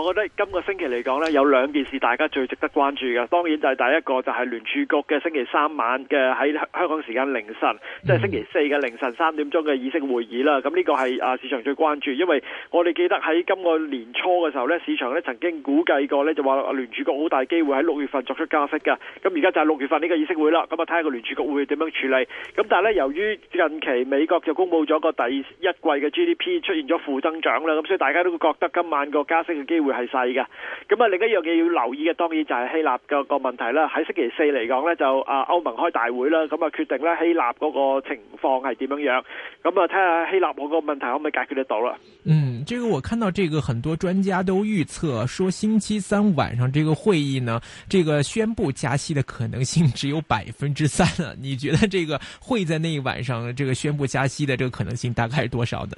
我覺得今個星期嚟講呢，有兩件事大家最值得關注嘅，當然就係第一個就係聯儲局嘅星期三晚嘅喺香港時間凌晨，即係、嗯、星期四嘅凌晨三點鐘嘅議息會議啦。咁、嗯、呢、呢個係啊市場最關注，因為我哋記得喺今個年初嘅時候呢，市場呢曾經估計過呢就話聯儲局好大機會喺六月份作出加息嘅。咁而家就係六月份呢個議息會啦。咁啊睇下個聯儲局會點樣處理。咁、嗯、但係呢，由於近期美國就公佈咗個第一季嘅 GDP 出現咗負增長啦，咁、嗯、所以大家都會覺得今晚個加息嘅機會。係細嘅，咁啊，另一樣嘢要留意嘅，當然就係希臘嘅個問題啦。喺星期四嚟講呢，就啊歐盟開大會啦，咁啊決定咧希臘嗰個情況係點樣樣，咁啊睇下希臘嗰個問題可唔可以解決得到啦。嗯，這個我看到這個很多專家都預測說星期三晚上這個會議呢，這個宣布加息的可能性只有百分之三啊。你覺得這個會在那一晚上這個宣布加息的這個可能性大概是多少呢？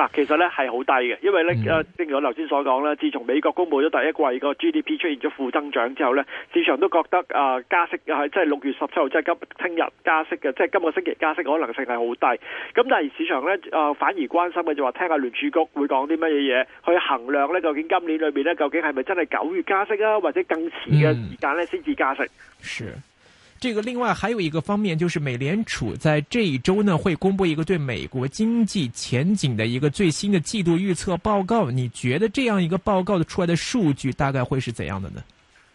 嗱，其實咧係好低嘅，因為咧，正如我頭先所講啦，自從美國公佈咗第一季個 GDP 出現咗負增長之後咧，市場都覺得啊加息即係六月十七號即係今聽日、就是、加息嘅，即係今個星期加息可能性係好低。咁但係市場咧反而關心嘅就話聽下聯儲局會講啲乜嘢嘢，去衡量咧究竟今年裏邊咧究竟係咪真係九月加息啊，或者更遲嘅時間咧先至加息。Mm. Sure. 這個另外還有一個方面，就是美聯儲在這一周呢會公布一個對美國經濟前景的一個最新的季度預測報告。你覺得這樣一個報告的出來的數據大概會是怎樣的呢？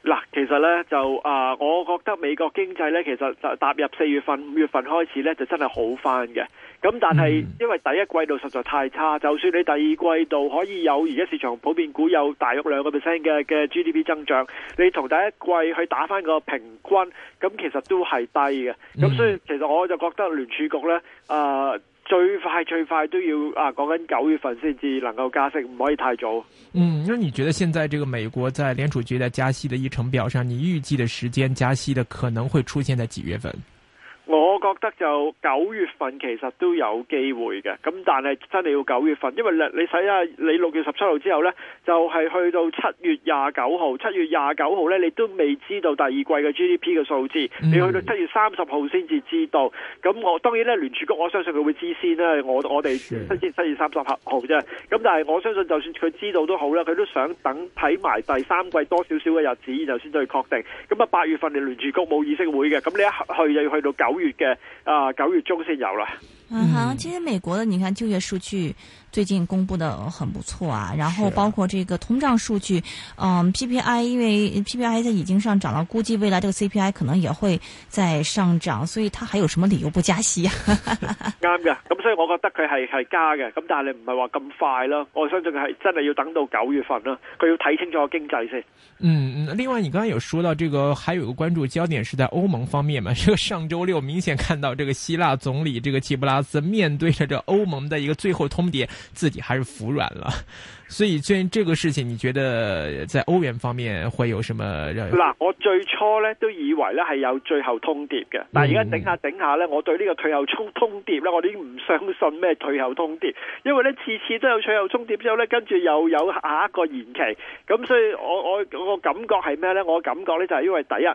嗱，其實呢，就啊、呃，我覺得美國經濟呢，其實就踏入四月份、五月份開始呢，就真係好翻嘅。咁、嗯、但係因為第一季度實在太差，就算你第二季度可以有而家市場普遍股有大約兩個 percent 嘅嘅 GDP 增長，你同第一季去打返個平均，咁其實都係低嘅。咁所以其實我就覺得聯儲局咧，誒、呃、最快最快都要啊講緊九月份先至能夠加息，唔可以太早。嗯，那你覺得現在這個美國在聯儲局的加息的議程表上，你預計的時間加息的可能會出現在幾月份？我覺得就九月份其實都有機會嘅，咁但係真係要九月份，因為你你睇下你六月十七號之後呢，就係去到七月廿九號，七月廿九號呢，你都未知道第二季嘅 GDP 嘅數字，你去到七月三十號先至知道。咁我當然呢聯儲局我相信佢會知先啦，我我哋七月七月三十號啫。咁但係我相信就算佢知道都好啦，佢都想等睇埋第三季多少少嘅日子，然後先至去確定。咁啊八月份你聯儲局冇議息會嘅，咁你一去就要去到九。九月嘅啊，九月中先有啦。Uh、huh，嗯哈，其實美國的你看就業數據最近公布的很不錯啊，然後包括這個通脹數據，嗯是、呃、PPI 因為 PPI 在已經上漲了，估計未來這個 CPI 可能也會在上漲，所以它還有什麼理由不加息呀、啊？啱嘅，咁所以我覺得佢係係加嘅，咁但係你唔係話咁快咯，我相信佢係真係要等到九月份咯，佢要睇清楚個經濟先。嗯嗯，另外你剛才有說到這個，還有個關注焦點是在歐盟方面嘛？這個上周六明顯看到這個希臘總理這個齊布拉。面對着這歐盟的一個最後通牒，自己還是服軟了，所以雖然這個事情，你覺得在歐元方面會有什麼樣？嗱，我最初咧都以為咧係有最後通牒嘅，但係而家頂下頂下咧，我對呢個退後沖通牒咧，我已經唔相信咩退後通牒，因為咧次次都有退後通牒之後咧，跟住又有下一個延期，咁所以我我我個感覺係咩咧？我感覺咧就係因為第一。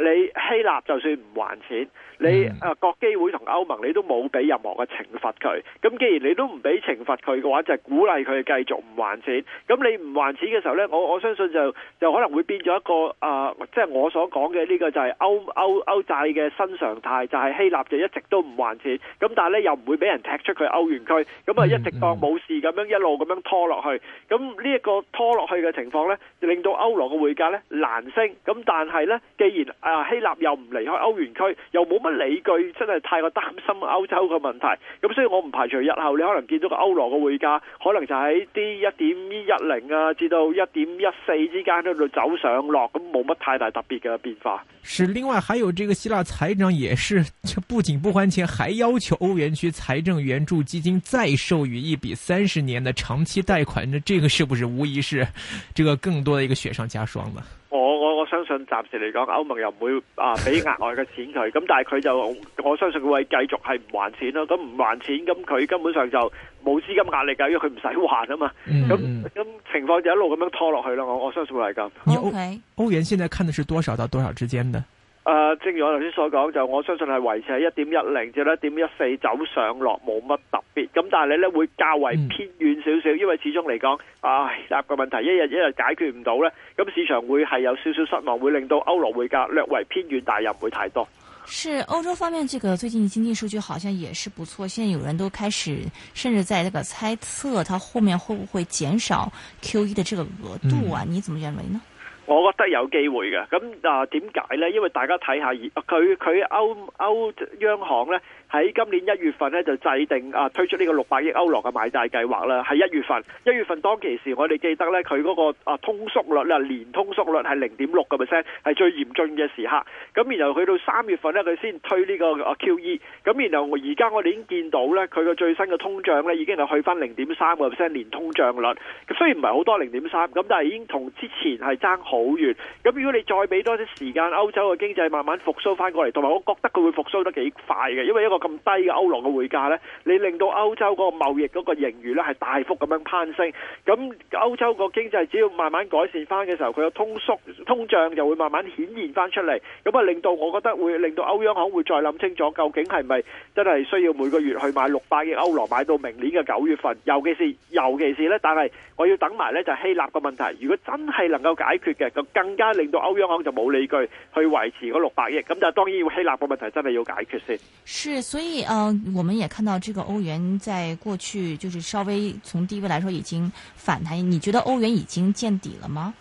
你希臘就算唔還錢，你啊國基會同歐盟你都冇俾任何嘅懲罰佢。咁既然你都唔俾懲罰佢嘅話，就係鼓勵佢繼續唔還錢。咁你唔還錢嘅時候呢，我我相信就就可能會變咗一個啊，即係我所講嘅呢個就係歐歐歐債嘅新常態，就係希臘就一直都唔還錢。咁但係呢，又唔會俾人踢出去歐元區，咁啊一直當冇事咁樣一路咁樣拖落去。咁呢一個拖落去嘅情況呢，令到歐羅嘅匯價呢難升。咁但係呢，既然啊！希臘又唔離開歐元區，又冇乜理據，真係太過擔心歐洲嘅問題。咁所以我唔排除日後你可能見到個歐羅嘅匯價，可能就喺啲一點一零啊至到一點一四之間喺度走上落，咁冇乜太大特別嘅變化。是另外，還有這個希臘財長也是，就不僅不還錢，還要求歐元區財政援助基金再授予一筆三十年嘅長期貸款。呢這個是不是無疑是這個更多的一個雪上加霜呢？我我我相信暫時嚟講，歐盟又唔會啊俾額外嘅錢佢，咁但係佢就我相信佢會繼續係唔還錢咯。咁唔還錢，咁佢根本上就冇資金壓力噶，因為佢唔使還啊嘛。咁咁、嗯、情況就一路咁樣拖落去咯。我我相信會係咁。歐元，歐元現在看的是多少到多少之間的？呃、正如我頭先所講，就我相信係維持喺一點一零至一點一四走上落，冇乜特別。咁但係你咧會較為偏軟少少，因為始終嚟講，唉，個問題一日一日解決唔到呢，咁市場會係有少少失望，會令到歐羅匯價略為偏軟，但係又唔會太多，是歐洲方面，這個最近經濟數據好像也是不錯，現在有人都開始甚至在這個猜測，他後面會唔會減少 QE 的這個額度啊？嗯、你怎麼認為呢？我覺得有機會嘅，咁啊，點解咧？因為大家睇下，佢佢歐歐央行咧。喺今年一月份咧，就制定、啊推出呢個六百億歐羅嘅買債計劃啦。喺一月份，一月份當其時我哋記得咧，佢嗰個啊通縮率啦，年通縮率係零點六個 percent，係最嚴峻嘅時刻。咁然後去到三月份咧，佢先推呢個 QE。咁然後而家我哋已經見到咧，佢個最新嘅通脹咧已經係去翻零點三個 percent，年通脹率。雖然唔係好多零點三，咁但係已經同之前係爭好遠。咁如果你再俾多啲時間，歐洲嘅經濟慢慢復甦翻過嚟，同埋我覺得佢會復甦得幾快嘅，因為一個。咁低嘅歐羅嘅匯價呢，你令到歐洲嗰個貿易嗰個盈餘呢係大幅咁樣攀升，咁歐洲個經濟只要慢慢改善翻嘅時候，佢個通縮通脹就會慢慢顯現翻出嚟，咁啊令到我覺得會令到歐央行會再諗清楚，究竟係咪真係需要每個月去買六百億歐羅買到明年嘅九月份？尤其是尤其是呢。但係我要等埋呢，就係希臘嘅問題，如果真係能夠解決嘅，咁更加令到歐央行就冇理據去維持嗰六百億，咁就當然要希臘嘅問題真係要解決先。所以，嗯、呃，我們也看到這個歐元在過去，就是稍微從低位來說已經反彈。你覺得歐元已經見底了嗎？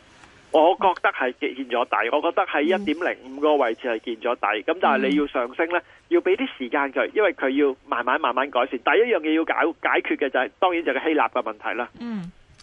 我覺得係見咗底，我覺得喺一點零五個位置係見咗底。咁但係你要上升咧，要俾啲時間佢，因為佢要慢慢慢慢改善。第一樣嘢要解解決嘅就係、是，當然就係希臘嘅問題啦。嗯。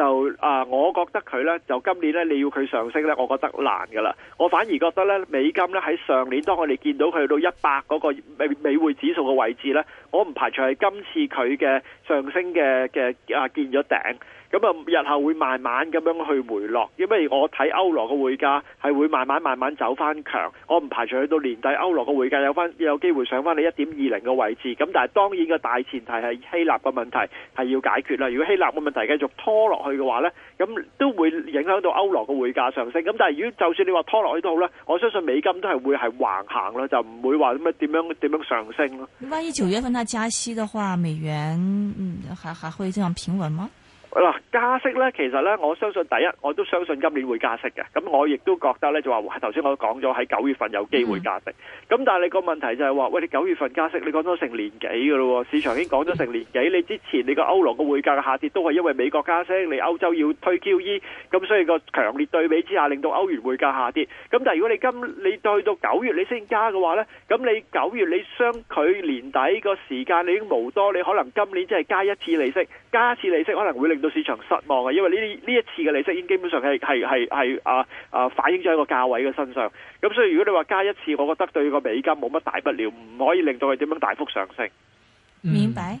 就啊，我覺得佢呢，就今年呢，你要佢上升呢，我覺得難噶啦。我反而覺得呢，美金呢喺上年，當我哋見到佢到一百嗰個美美匯指數嘅位置呢，我唔排除係今次佢嘅上升嘅嘅啊見咗頂。咁啊，日後會慢慢咁樣去回落。因為我睇歐羅嘅匯價係會慢慢慢慢走翻強，我唔排除去到年底歐羅嘅匯價有翻，有機會上翻你一點二零嘅位置。咁但係當然個大前提係希臘嘅問題係要解決啦。如果希臘嘅問題繼續拖落去嘅話呢，咁都會影響到歐羅嘅匯價上升。咁但係如果就算你話拖落去都好啦，我相信美金都係會係橫行咯，就唔會話咁啊點樣點樣上升咯。萬一九月份他加息的話，美元嗯還還會這樣平穩嗎？嗱加息咧，其實咧，我相信第一，我都相信今年會加息嘅。咁我亦都覺得咧，就話頭先我講咗喺九月份有機會加息。咁、嗯、但係你個問題就係話，喂，你九月份加息，你講咗成年幾嘅咯？市場已經講咗成年幾。你之前你個歐羅個匯價嘅下跌都係因為美國加息，你歐洲要退 QE，咁所以個強烈對比之下，令到歐元匯價下跌。咁但係如果你今你去到九月你先加嘅話咧，咁你九月你相佢年底個時間你已經冇多，你可能今年即係加一次利息。加一次利息可能會令到市場失望啊，因為呢啲呢一次嘅利息已經基本上係係係係啊啊反映咗喺個價位嘅身上。咁所以如果你話加一次，我覺得對個美金冇乜大不了，唔可以令到佢點樣大幅上升。明白、嗯。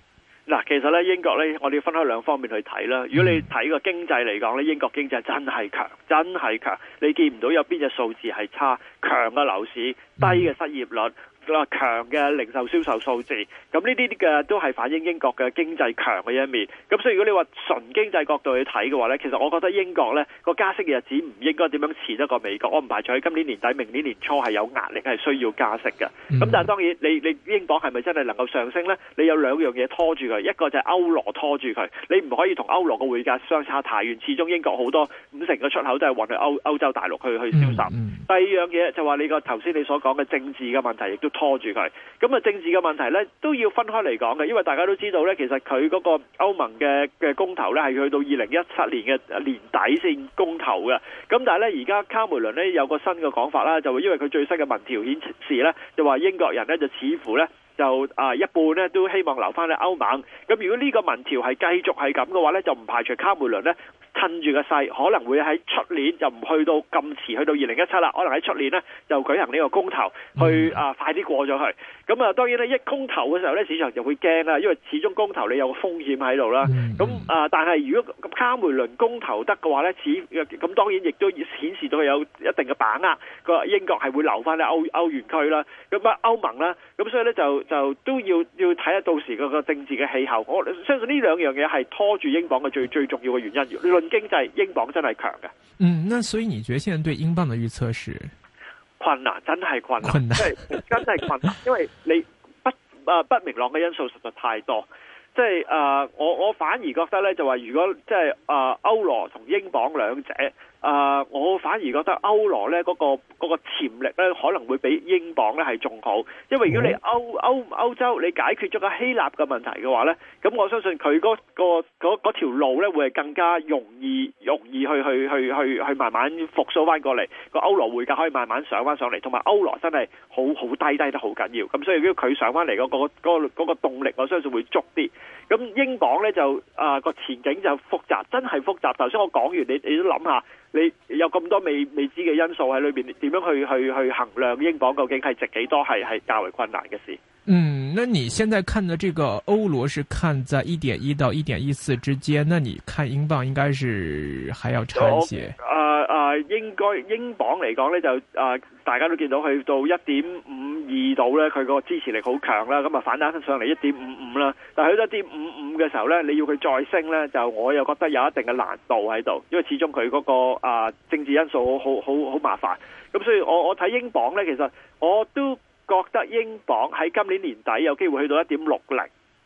其實咧，英國咧，我哋要分開兩方面去睇啦。如果你睇個經濟嚟講咧，英國經濟真係強，真係強。你見唔到有邊隻數字係差？強嘅樓市，低嘅失業率，強嘅零售銷售數字，咁呢啲啲嘅都係反映英國嘅經濟強嘅一面。咁所以如果你話純經濟角度去睇嘅話咧，其實我覺得英國咧個加息嘅日子唔應該點樣遲得過美國。我唔排除喺今年年底、明年年初係有壓力，係需要加息嘅。咁但係當然你，你你英國係咪真係能夠上升咧？你有兩樣嘢拖住佢，一個就係歐羅拖住佢，你唔可以同歐羅個匯價相差太遠。始終英國好多五成嘅出口都係運去歐，歐洲大陸去去銷售。嗯嗯、第二樣嘢就話你個頭先你所講嘅政治嘅問題，亦都。拖住佢，咁啊政治嘅問題咧都要分開嚟講嘅，因為大家都知道咧，其實佢嗰個歐盟嘅嘅公投咧係去到二零一七年嘅年底先公投嘅，咁但係咧而家卡梅倫咧有個新嘅講法啦，就因為佢最新嘅民調顯示咧，就話英國人咧就似乎咧。就啊一半咧都希望留翻去歐盟。咁如果呢個民調係繼續係咁嘅話呢就唔排除卡梅倫咧趁住個勢，可能會喺出年就唔去到咁遲，去到二零一七啦。可能喺出年呢就舉行呢個公投，去啊快啲過咗去。咁啊當然呢，一公投嘅時候呢市場就會驚啦，因為始終公投你有風險喺度啦。咁、嗯、啊但係如果卡梅倫公投得嘅話呢，始咁當然亦都顯示到佢有一定嘅把握。個英國係會留翻去歐歐元區啦。咁啊歐盟啦，咁所以呢就。就都要要睇下到時個個政治嘅氣候，我相信呢兩樣嘢係拖住英鎊嘅最最重要嘅原因。論經濟，英鎊真係強嘅。嗯，那所以你覺得現在對英鎊嘅預測是困難，真係困難，困難，真係困難， 因為你不不明朗嘅因素實在太多。即係誒、呃，我我反而覺得咧，就話、是、如果即係誒、呃、歐羅同英鎊兩者誒、呃，我反而覺得歐羅咧嗰、那個嗰、那個、潛力咧可能會比英鎊咧係仲好，因為如果你歐歐歐洲你解決咗個希臘嘅問題嘅話咧，咁我相信佢嗰、那個嗰嗰條路咧會係更加容易容易去去去去去慢慢復甦翻過嚟，個歐羅匯價可以慢慢上翻上嚟，同埋歐羅真係好好低低得好緊要，咁所以如果佢上翻嚟嗰個嗰、那個那個動力，我相信會足啲。咁英鎊咧就啊個、呃、前景就複雜，真係複雜。頭先我講完，你你都諗下，你有咁多未未知嘅因素喺裏邊，點樣去去去衡量英鎊究竟係值幾多是，係係較為困難嘅事。嗯，那你現在看的這個歐羅是看在一點一到一點一四之間，那你看英鎊應該是還要差一些。嗯係應該，英鎊嚟講咧就啊、呃，大家都見到去到一點五二度咧，佢個支持力好強啦，咁啊反彈上嚟一點五五啦。但係去到一點五五嘅時候咧，你要佢再升咧，就我又覺得有一定嘅難度喺度，因為始終佢嗰個、呃、政治因素好好好麻煩。咁所以我我睇英鎊咧，其實我都覺得英鎊喺今年年底有機會去到一點六零。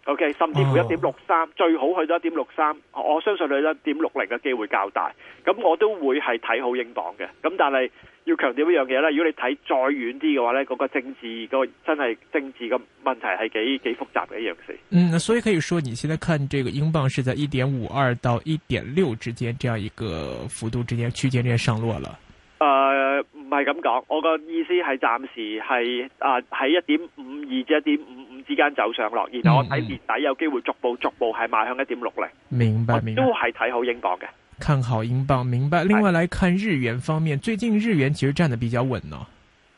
OK，甚至乎1.63、哦、最好去到1.63，我相信去到1.60嘅機會較大，噉我都會係睇好英鎊嘅，噉但係要強調一樣嘢啦，如果你睇再遠啲嘅話咧、嗰個政治、嗰個真係政治嘅問題係幾幾複雜嘅一樣事。嗯，所以可以說你現在看這個英鎊是在1.52到1.6之間這樣一個幅度之間區間呢個上落啦。誒、呃，唔係咁講，我個意思係暫時係啊，喺、呃、1.52至1.5。之間走上落，然後我睇年底有機會逐步逐步係邁向一點六零。明白，明都係睇好英鎊嘅，看好英鎊。明白。另外嚟，看日元方面，是最近日元其實站得比較穩咯、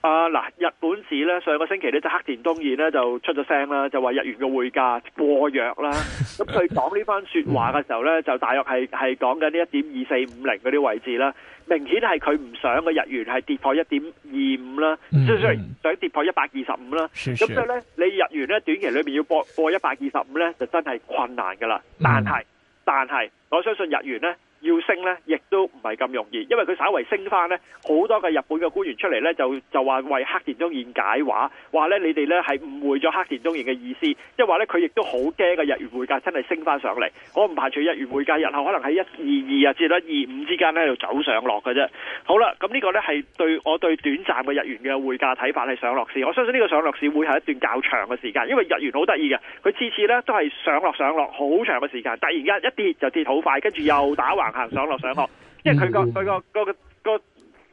哦。啊嗱，日本市咧上個星期黑田冬呢，就黑田東彥呢就出咗聲啦，就話日元嘅匯價過弱啦。咁佢 講呢番說話嘅時候咧，就大約係係 講緊呢一點二四五零嗰啲位置啦。明顯係佢唔想嘅日元係跌破一點二五啦，即係、mm hmm. 想跌破一百二十五啦。咁所以咧，你日元咧短期裏邊要破破一百二十五咧，就真係困難噶啦、mm hmm. 但係，但係，我相信日元咧。要升呢，亦都唔係咁容易，因為佢稍微升翻呢，好多嘅日本嘅官員出嚟呢，就就話為黑田東彥解話，話呢，你哋呢，係誤會咗黑田東彥嘅意思，即係話呢，佢亦都好驚嘅日元匯價真係升翻上嚟，我唔排除日元匯價日後可能喺一二二啊至到一二五之間呢度走上落嘅啫。好啦，咁呢個呢，係對我對短暫嘅日元嘅匯價睇法係上落市，我相信呢個上落市會係一段較長嘅時間，因為日元好得意嘅，佢次次呢都係上落上落好長嘅時間，突然間一跌就跌好快，跟住又打橫，行行上落上落，即係佢個佢個個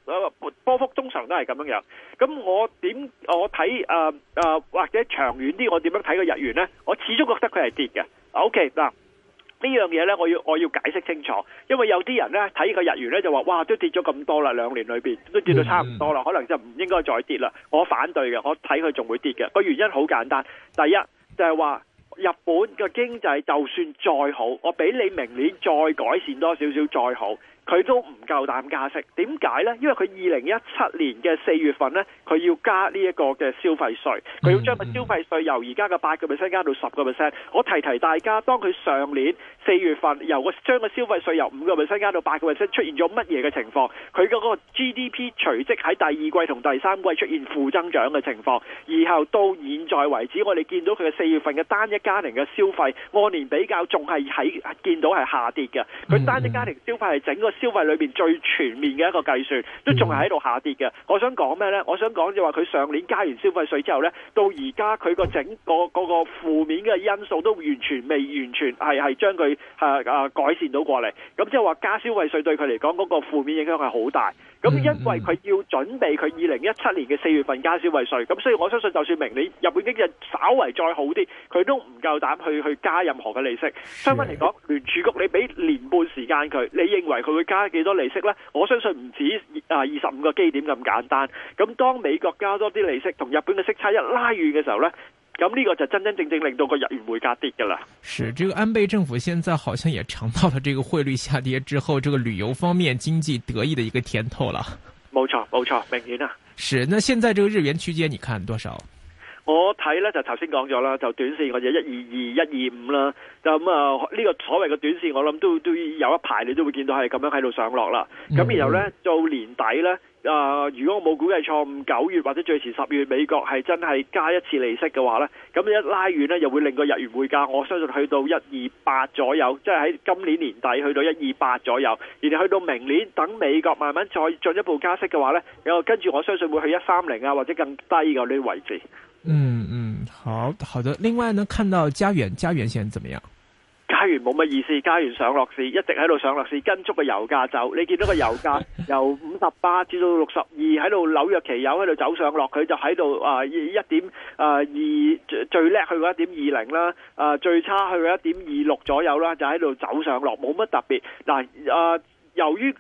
個波幅通常都係咁樣樣。咁我點我睇誒誒或者長遠啲，我點樣睇個日元咧？我始終覺得佢係跌嘅。OK，嗱呢樣嘢咧，我要我要解釋清楚，因為有啲人咧睇個日元咧就話哇，都跌咗咁多啦，兩年裏邊都跌到差唔多啦，可能就唔應該再跌啦。我反對嘅，我睇佢仲會跌嘅。個原因好簡單，第一就係話。日本嘅經濟就算再好，我俾你明年再改善多少少，再好，佢都唔夠膽加息，點解呢？因為佢二零一七年嘅四月份呢，佢要加呢一個嘅消費稅，佢要將個消費稅由而家嘅八個 percent 加到十個 percent。我提提大家，當佢上年四月份由個將個消費稅由五個 percent 加到八個 percent，出現咗乜嘢嘅情況？佢嘅嗰個 GDP 隨即喺第二季同第三季出現負增長嘅情況，然後到現在為止，我哋見到佢嘅四月份嘅單一家庭嘅消費按年比較仲係喺見到係下跌嘅。佢單一家庭消費係整個。消費裏面最全面嘅一個計算都仲係喺度下跌嘅。我想講咩呢？我想講就話佢上年加完消費稅之後呢，到而家佢個整個個個負面嘅因素都完全未完全係係將佢、啊、改善到過嚟。咁即係話加消費稅對佢嚟講嗰、那個負面影響係好大。咁因為佢要準備佢二零一七年嘅四月份加消費稅。咁所以我相信就算明年日本經濟稍為再好啲，佢都唔夠膽去去加任何嘅利息。相反嚟講，聯儲局你俾年半時間佢，你認為佢會？加幾多利息呢？我相信唔止啊二十五個基點咁簡單。咁當美國加多啲利息，同日本嘅息差一拉遠嘅時候呢，咁呢個就真真正正令到個日元會跌噶啦。是，這個安倍政府現在好像也嘗到了這個匯率下跌之後，這個旅遊方面經濟得益的一個甜頭啦。冇錯，冇錯，明顯啊。是，那現在這個日元區間，你看多少？我睇呢就頭先講咗啦，就短線或者一二二一二五啦，咁啊呢個所謂嘅短線我諗都都有一排你都會見到係咁樣喺度上落啦，咁、嗯嗯、然後呢，到年底呢。誒、呃，如果我冇估計錯誤，九月或者最遲十月，美國係真係加一次利息嘅話呢，咁一拉遠呢，又會令個日元匯價，我相信去到一二八左右，即係喺今年年底去到一二八左右，而你去到明年，等美國慢慢再進一步加息嘅話呢，跟住我相信會去一三零啊，或者更低嘅呢啲位置。嗯嗯，好好的。另外呢，看到加元，加元現在怎麼樣？加完冇乜意思，加完上落市，一直喺度上落市，跟足個油價走。你見到個油價由五十八至到六十二喺度，紐約期油喺度走上落，佢就喺度啊一點啊二，最最叻去過一點二零啦，啊最差去過一點二六左右啦，就喺度走上落冇乜特別嗱啊，由於。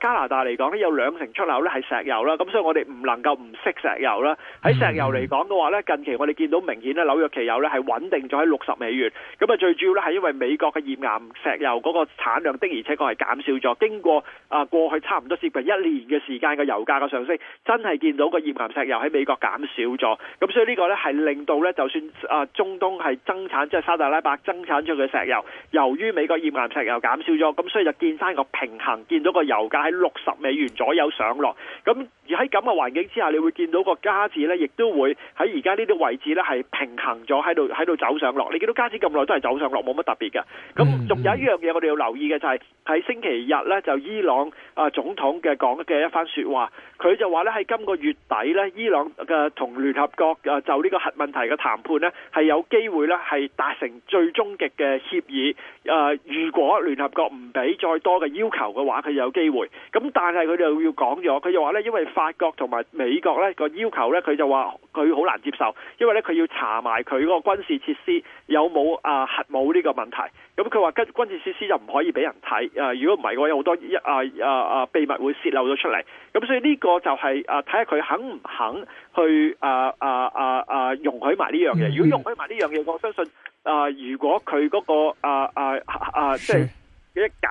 加拿大嚟講，呢有兩成出口呢係石油啦，咁所以我哋唔能夠唔識石油啦。喺石油嚟講嘅話，呢近期我哋見到明顯呢，紐約期油呢係穩定咗喺六十美元。咁啊，最主要呢係因為美國嘅頁岩石油嗰個產量的而且確係減少咗。經過啊過去差唔多接近一年嘅時間嘅油價嘅上升，真係見到個頁岩石油喺美國減少咗。咁所以呢個呢係令到呢，就算啊中東係增產，即係沙特阿拉伯增產出嘅石油，由於美國頁岩石油減少咗，咁所以就見翻個平衡，見到個油價係六十美元左右上落，咁而喺咁嘅環境之下，你會見到個加字咧，亦都會喺而家呢啲位置咧係平衡咗喺度，喺度走上落。你見到加子咁耐都係走上落，冇乜特別嘅。咁仲有一樣嘢，我哋要留意嘅就係、是、喺星期日咧，就伊朗啊、呃、總統嘅講嘅一番說話，佢就話咧喺今個月底咧，伊朗嘅同聯合國啊、呃、就呢個核問題嘅談判呢，係有機會咧係達成最終極嘅協議。誒、呃，如果聯合國唔俾再多嘅要求嘅話，佢有機會。咁但係佢哋又要講咗，佢就話咧，因為法國同埋美國咧個要求咧，佢就話佢好難接受，因為咧佢要查埋佢個軍事設施有冇啊核武呢個問題。咁佢話跟軍事設施就唔可以俾人睇，誒，如果唔係嘅話，有好多一啊啊啊秘密會泄漏咗出嚟。咁所以呢個就係啊、睇下佢肯唔肯去、啊啊啊、容許埋呢樣嘢。如果容許埋呢樣嘢，我相信、啊、如果佢嗰個啊，啊，啊即係。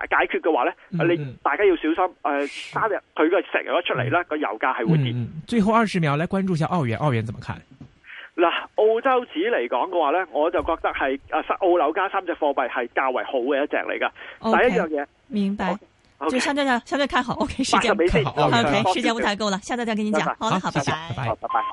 解決嘅話咧，你大家要小心誒，三日佢成日油出嚟咧，個油價係會跌。最後二十秒，嚟關注一下澳元，澳元怎麼看？嗱，澳洲紙嚟講嘅話咧，我就覺得係誒，澳紐加三隻貨幣係較為好嘅一隻嚟噶。第一樣嘢，明白。就相對相對看好，OK 時間看好 OK 時間唔太夠啦，下次再跟你講。好啦，好，拜拜，好，拜拜。